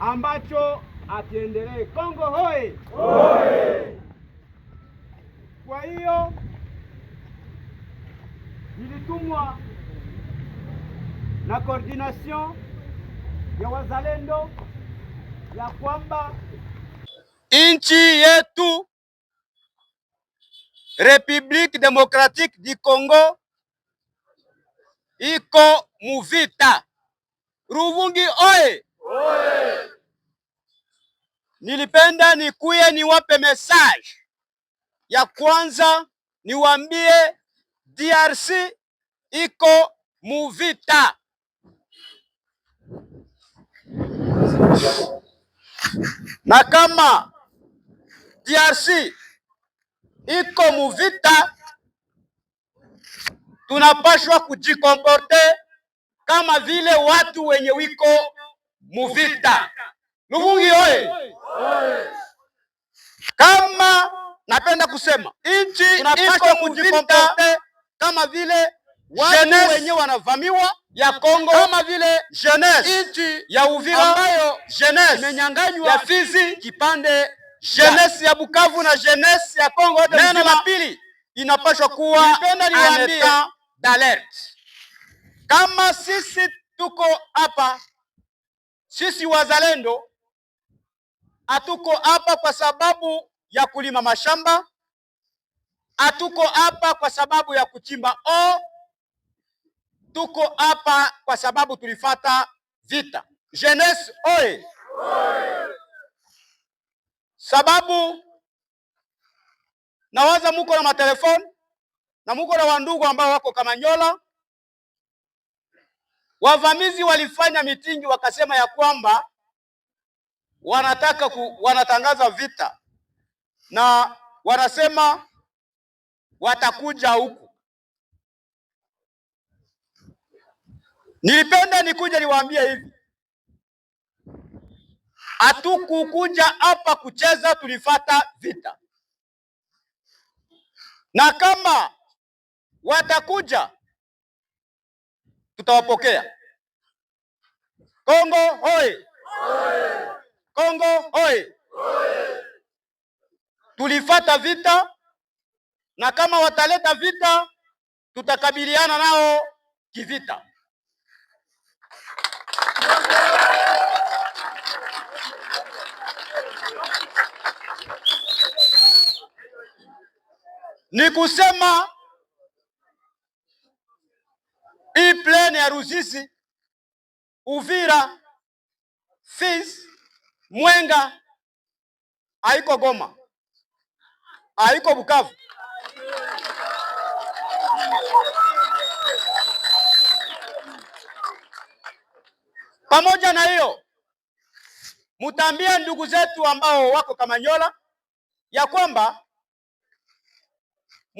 ambacho akiendelee Kongo hoe hoe. Kwa hiyo nilitumwa na coordination ya wazalendo ya kwamba nchi yetu Republique Democratique du Congo iko muvita. Ruvungi oye! Nilipenda nikuye niwape message ya kwanza, niwaambie DRC iko muvita. Na kama DRC iko muvita, tunapashwa kujikomporte kama vile watu wenye wiko Muvita Luvungi oye! Kama napenda kusema nchi inapaswa kujikomporte kama vile watu wenyewe wanavamiwa ya Kongo, kama vile jeunesse nchi ya Uvira ambayo jeunesse imenyanganywa ya Fizi kipande, jeunesse ya Bukavu na jeunesse ya Kongo. Neno la pili inapaswa kuwa alerte, kama sisi tuko hapa sisi wazalendo hatuko hapa kwa sababu ya kulima mashamba, hatuko hapa kwa sababu ya kuchimba o, tuko hapa kwa sababu tulifata vita. Jeunesse oye! Sababu nawaza muko na matelefoni na muko na wandugu ambao wako Kamanyola Wavamizi walifanya mitingi, wakasema ya kwamba wanataka ku, wanatangaza vita na wanasema watakuja huku. Nilipenda nikuja niwaambie hivi, hatukukuja hapa kucheza, tulifata vita, na kama watakuja tutawapokea. Kongo hoye! Kongo hoye! Tulifata vita na kama wataleta vita tutakabiliana nao kivita. Ni kusema hii plane ya ruzisi Uvira, Fizi, Mwenga haiko Goma, haiko Bukavu. Pamoja na hiyo, mutambia ndugu zetu ambao wako Kamanyola ya kwamba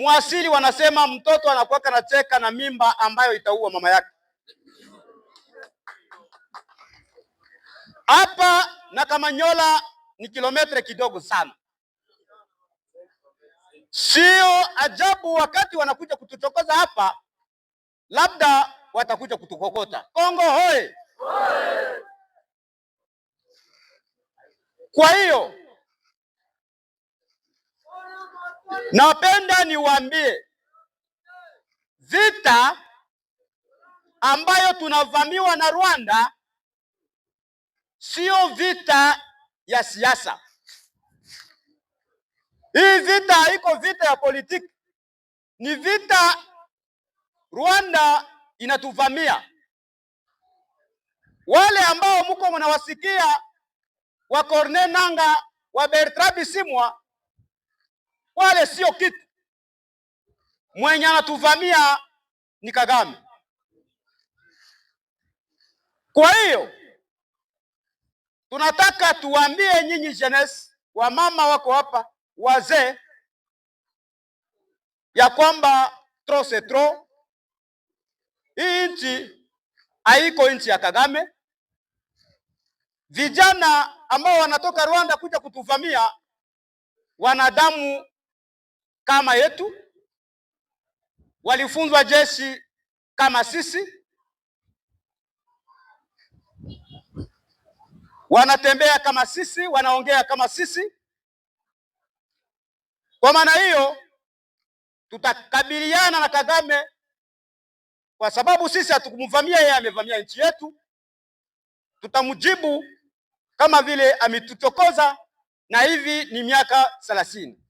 Mwasili wanasema mtoto anakuwaka anacheka na mimba ambayo itaua mama yake. Hapa na Kamanyola ni kilometre kidogo sana, sio ajabu wakati wanakuja kutuchokoza hapa, labda watakuja kutukokota Kongo. Hoye! Kwa hiyo Napenda niwaambie vita ambayo tunavamiwa na Rwanda siyo vita ya siasa. Hii vita haiko vita ya politiki, ni vita Rwanda inatuvamia. Wale ambao mko mnawasikia wa Corneille Nangaa, wa Bertrand Bisimwa wale sio kitu. Mwenye anatuvamia ni Kagame. Kwa hiyo tunataka tuwaambie nyinyi jeunesse, wamama wako hapa, wazee, ya kwamba trop c'est trop. Hii nchi haiko nchi ya Kagame. Vijana ambao wanatoka Rwanda kuja kutuvamia, wanadamu kama yetu, walifunzwa jeshi kama sisi, wanatembea kama sisi, wanaongea kama sisi. Kwa maana hiyo tutakabiliana na Kagame kwa sababu sisi hatukumvamia yeye, amevamia nchi yetu. Tutamjibu kama vile ametuchokoza, na hivi ni miaka thelathini.